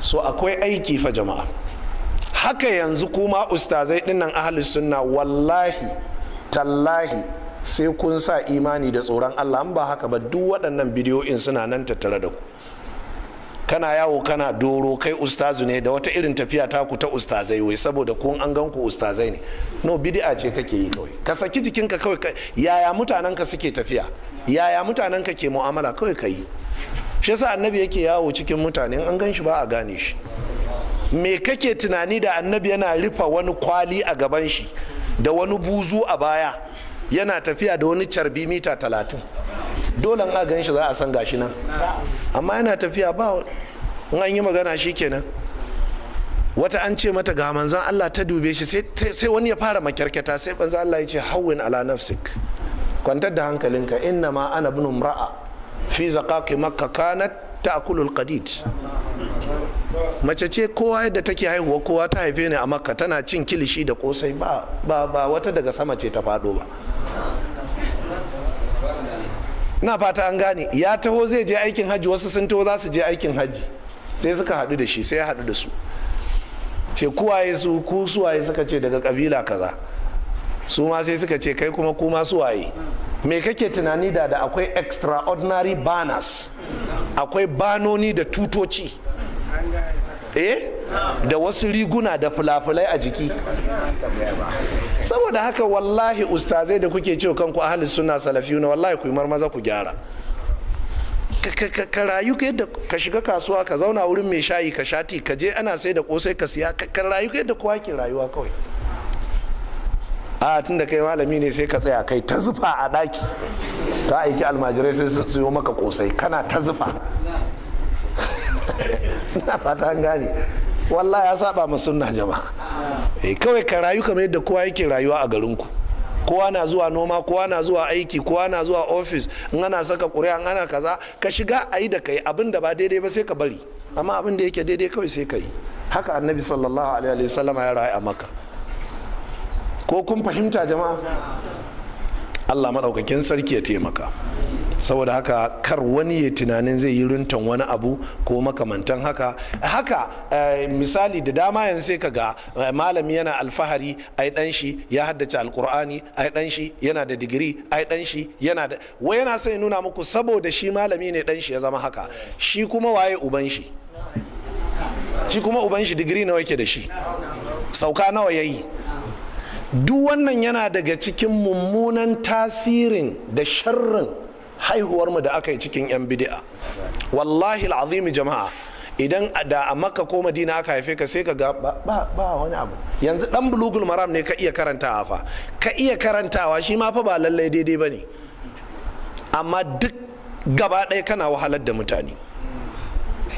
so akwai aiki fa jama'a haka yanzu kuma ustazai dinnan ahalus sunna wallahi tallahi sai kun sa imani da tsoron allah ba haka ba duk waɗannan bidiyoyin suna nan tattare da ku kana yawo kana doro kai ustazu ne da wata irin tafiya ta ku ta ustazai wai saboda kun an gan ku ustazai ne no bid'a ce kake yi kawai ka saki jikinka kawai yaya mutanen ka suke tafiya yaya mutanen ka ke mu'amala kawai ka yi shi yasa annabi yake yawo cikin mutane an gan shi ba a gane shi me kake tunani da annabi yana rufe wani kwali a gaban shi da wani buzu a baya yana tafiya da wani carbi mita talatin dole a gan shi za a san gashi nan amma yana tafiya ba in an yi magana shi kenan wata an ce mata ga manzan Allah ta dube shi sai wani ya fara makyarkyata sai manzan Allah ya ce hawwin ala nafsik kwantar da hankalinka inna ma ana bin ra'a fi zakaki makka kanat akulul qadid mace ce kowa yadda take haihuwa kowa ta haife ne a makka tana cin kilishi da kosai ba ba wata daga sama ce ta fado ba na fata an gane ya taho zai je aikin hajji wasu sun taho za su je aikin hajji sai suka haɗu da shi sai ya haɗu da su ce kuwaye su ku suwaye suka ce daga kabila kaza su ma sai suka ce kai kuma kuma suwaye me kake tunani da da akwai extraordinary banners akwai banoni da tutoci eh da wasu riguna da fulafulai a jiki saboda haka wallahi ustazai da kuke cewa kanku ahli suna salafiyu na wallahi ku yi marmaza ku gyara ka rayu ka yadda ka shiga kasuwa ka zauna wurin mai shayi ka shati ka je ana sai da kosai ka siya ka rayu ka yadda kowa ke rayuwa kawai a tun da kai malami ne sai ka tsaya kai ta zufa a daki ta aiki almajirai sai su siyo maka kosai kana ta zufa na fata an gane walla ya saba ma sunna jama'a eh kawai ka rayu kamar yadda kowa yake rayuwa a garin ku kowa na zuwa noma kowa na zuwa aiki kowa na zuwa ofis in ana saka ƙuri'a in ana kaza ka shiga a yi da kai abin da ba daidai ba sai ka bari amma abin da yake daidai kawai sai ka yi haka annabi sallallahu alaihi wasallam ya rayu a maka ko kun fahimta jama'a allah maɗaukakin sarki ya taimaka saboda haka kar wani ya tunanin zai yi runtan wani abu ko makamantan haka haka eh, misali da dama yanzu sai ga eh, malami yana alfahari ai dan shi ya haddace alkur'ani ai dan shi yana da digiri ai dan shi yana da wai yana sai nuna muku saboda shi malami ne dan shi ya zama haka shi kuma waye uban shi shi kuma uban shi digiri nawa yake da shi sauka nawa yayi duk wannan yana daga cikin mummunan tasirin da sharrin haihuwarmu da aka yi cikin 'yan bidi'a wallahi azimi jama'a idan da a makka ko madina aka haife ka sai ka ga ba, wani abu yanzu dan bulugul maram ne ka iya karantawa fa ka iya karantawa shi ma fa ba lallai daidai ba ne amma duk gaba ɗaya kana wahalar da mutane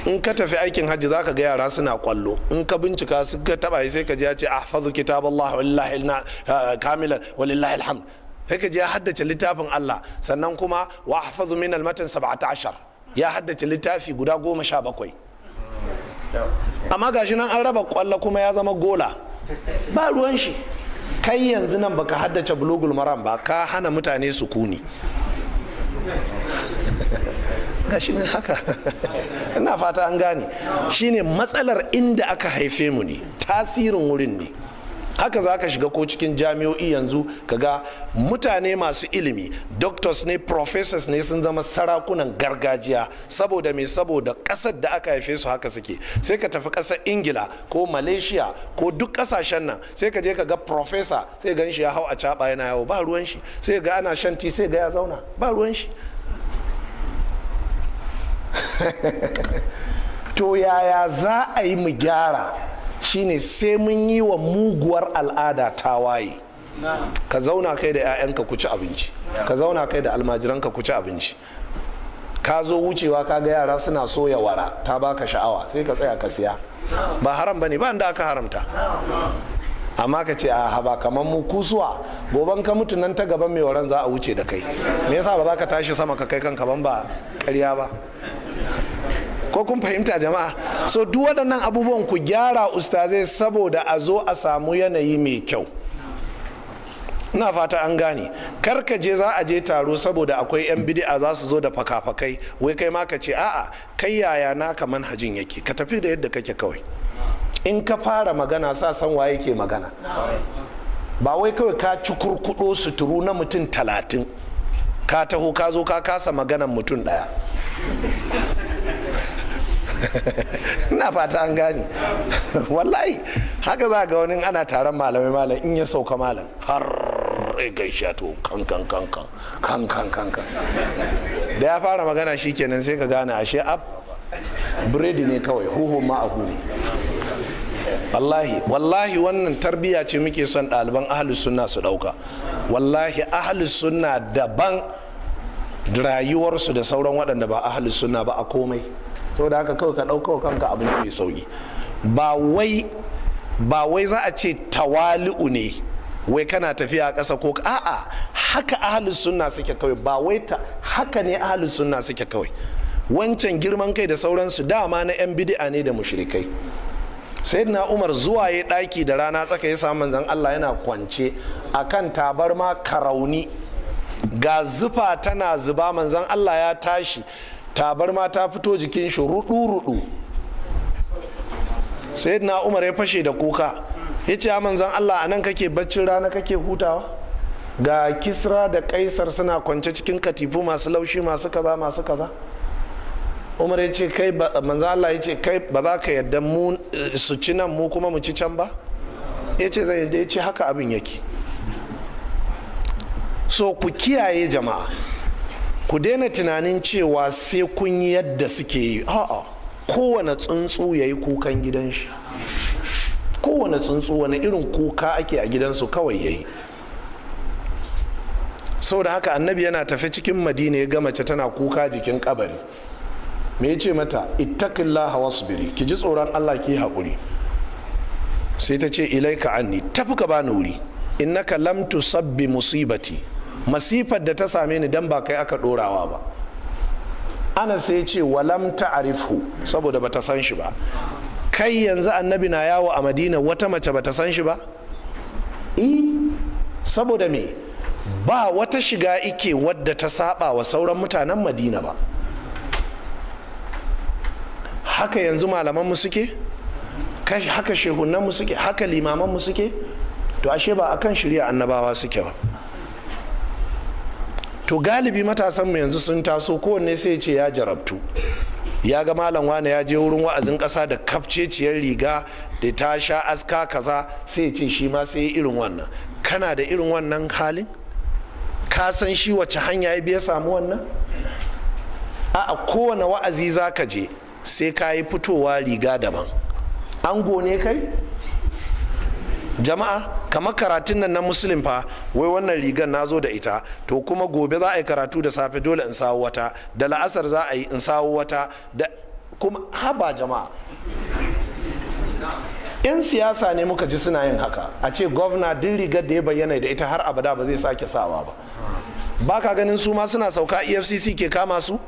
in ka tafi aikin hajji za ka ga yara suna kwallo in ka bincika su ka taba sai ka ji ya ce ahfazu kitaballah wallahi eh, kamilan walillahi alhamd sai ka ji ya haddace littafin Allah sannan kuma wa ahfazu min almatan 17 ya haddace littafi guda goma sha bakwai amma gashi nan an raba kwallo kuma ya zama gola ba ruwan shi kai yanzu nan baka haddace bulugul maram ba ka hana mutane su Kuni. shi ne haka ina fata an gane shine matsalar inda aka haife mu ne tasirin wurin ne haka za ka shiga ko cikin jami'o'i yanzu ka ga mutane masu ilimi doctors ne professors ne sun zama sarakunan gargajiya saboda mai saboda kasar da aka haife su haka suke sai ka tafi kasar ingila ko malaysia ko duk kasashen nan sai ka je ka ga professor sai gan shi ya hau a caba yana yawo ba ruwan shi sai ga ana shan sai ga ya zauna ba ruwan shi to yaya za a yi mu gyara shine sai mun yi wa muguwar al'ada ta waye ka zauna kai da 'ya'yanka ku ci abinci ka zauna kai da almajiranka ku ci abinci ka zo wucewa ka ga yara suna soya wara ta baka sha'awa sai ka tsaya ka siya ba haram bane ba da aka haramta amma ka ce a ba kamar mu kusuwa goban ka mutu nan ta gaban mai waran za a wuce da kai me yasa ba za ka tashi sama ka kai kanka ban ba karya ba kun fahimta jama'a so duk waɗannan abubuwan ku gyara ustazai saboda a zo a samu yanayi mai kyau ina fata an gane karka je za a je taro saboda akwai 'yan bidi'a za su zo da fakafakai wai kai ma ka ce a'a kai yaya naka manhajin yake ka tafi da yadda kake kawai in ka fara magana sa san waye ke magana ba wai kawai ka ci kurkudo suturu na mutum talatin ka taho ka zo ka kasa maganan mutum ɗaya ina fata an gane wallahi haka za ga wani ana taron malamai malam in ya sauka malam har ya gaishe to kan kan kan kan da ya fara magana shi kenan sai ka gane ashe ab biredi ne kawai huhu ma a huni wallahi wannan tarbiyya ce muke son ɗaliban ahalus sunna su ɗauka wallahi ahalus sunna daban rayuwarsu da sauran waɗanda ba ahalus sunna ba a komai to da haka kawai ka ɗauka kanka abin mai sauki ba wai za a ce tawali'u ne wai kana tafiya a ƙasa ko a'a haka ahalus sunna suke kawai ba wai ta haka ne ahalus sunna suke kawai wancan girman kai da sauransu dama na 'yan bidi'a ne da mushrikai na umar zuwa ya ɗaki da rana tsaka ya samu manzan allah yana kwance akan tabarma karauni ga zufa tana zuba manzan allah ya tashi tabar ma ta fito jikin shi rudu-rudu sai na umar ya fashe da kuka ya ce manzan allah a nan kake baccin rana kake hutawa ga kisra da kaisar suna kwance cikin katifu masu laushi masu kaza masu kaza umar ya ce kai manzan allah ya ce kai ba za ka yadda su ci nan mu kuma mu ci can ba ya ce zai yadda ya ce haka abin yake so ku kiyaye jama'a ku daina tunanin cewa sai kun yi yadda suke yi a'a kowane tsuntsu ya yi kukan gidan shi kowane tsuntsu wani irin kuka ake a gidansu kawai ya yi da haka annabi yana tafi cikin madina ya ga mace tana kuka jikin kabari me ya ce mata ittaqillaha wasbiri ki ji tsoron Allah ki haƙuri sai ta ce ilaika anni tafi ka bani wuri innaka lam sabbi musibati masifar da ta same ni dan ba kai aka dorawa ba ana sai ce walam ta'arifu saboda bata san shi ba kai yanzu annabi na yawo a madina wata mace bata san shi ba Eh. saboda me ba wata shiga ike wadda ta saba wa sauran mutanen madina ba haka yanzu malamanmu suke haka shehunanmu suke haka limamanmu suke to ashe ba akan shirya annabawa suke ba to galibi matasan mu yanzu sun taso kowanne sai ce ya jarabtu ya ga malam wane ya je wurin wa'azin ƙasa da kafceciyar riga da ta sha aska kaza sai ce shi ma sai irin wannan kana da irin wannan halin ka san shi wace hanya ya biya samu wannan a kowane wa'azi za ka je sai ka yi fitowa riga daban an gone kai jama'a kamar karatun nan na musulun fa wai wannan rigar na zo da ita to kuma gobe za a yi karatu da safe dole in sawo wata da la'asar za a yi in sawo wata da kuma haba jama'a yan siyasa ne muka ji suna yin haka a ce gwamna din rigar da ya bayyana da ita har abada ba zai sake sawa ba ba ka ganin su ma suna sauka efcc ke kama su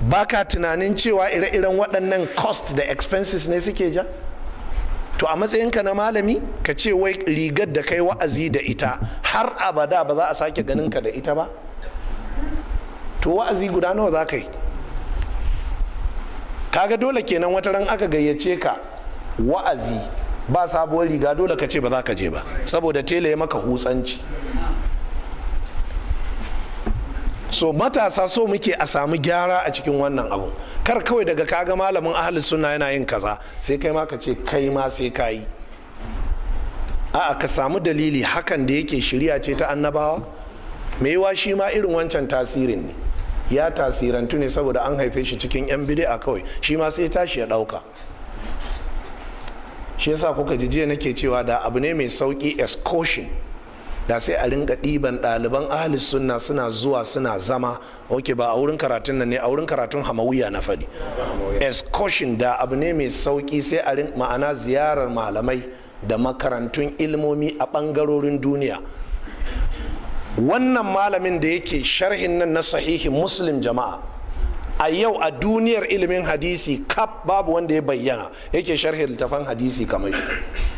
ba ka tunanin cewa ire-iren waɗannan cost da expenses ne suke ja to a matsayinka na malami ka ce wai rigar da kai wa'azi da ita har abada ba za a sake ganin ka da ita ba to wa'azi guda nawa za ka yi kaga dole kenan wata ran aka gayyace ka wa'azi ba sabuwar riga dole ka ce ba za ka je ba saboda tela ya maka hutsanci so matasa so muke a samu gyara a cikin wannan abu kar kawai daga kaga malamin ahalus suna yana yin kaza sai kai ma ka ce kai ma sai ka yi a'a ka samu dalili hakan da yake shirya ce ta annabawa maiwa shi ma irin wancan tasirin ne ya tasirantu ne saboda an haife shi cikin yan bidi'a kawai shi ma sai tashi ya ɗauka shi yasa kuka ji jiya nake cewa da abu ne mai sauki excursion da sai a ringa ɗiban ɗaliban ahalis sunna suna zuwa suna zama ok ba a wurin karatun nan ne a wurin karatun hamawiya na faɗi excursion da abu ne mai sauki sai a ringa ma'ana ziyarar malamai da makarantun ilmomi a ɓangarorin duniya wannan malamin da yake sharhin nan na sahihin muslim jama'a a yau a duniyar ilimin hadisi kaf babu wanda ya bayyana yake sharhin littafan hadisi kamar shi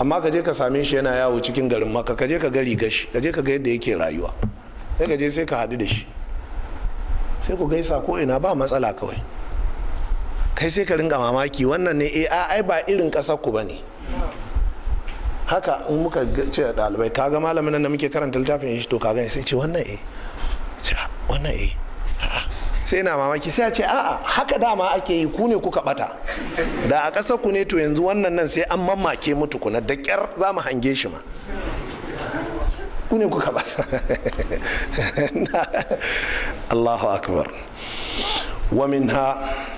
amma ka je ka same shi yana yawo cikin garin maka ka je ka gari gashi ka je ka ga yadda yake rayuwa sai ka je sai ka haɗu da shi sai ku gaisa ko ina ba matsala kawai kai sai ka ringa mamaki wannan ne eh, a ai ba irin ƙasar ku bane haka in muka ce ɗalibai kaga malamin nan da muke karanta littafin shi to kaga sai ce wannan eh wannan eh sai na mamaki sai a ce a'a haka dama ake yi ku ne kuka bata da a ƙasar ku ne to yanzu wannan nan sai an mamake mu tukuna da ƙyar za mu hange shi ma ku ne kuka bata Allahu akbar wa minha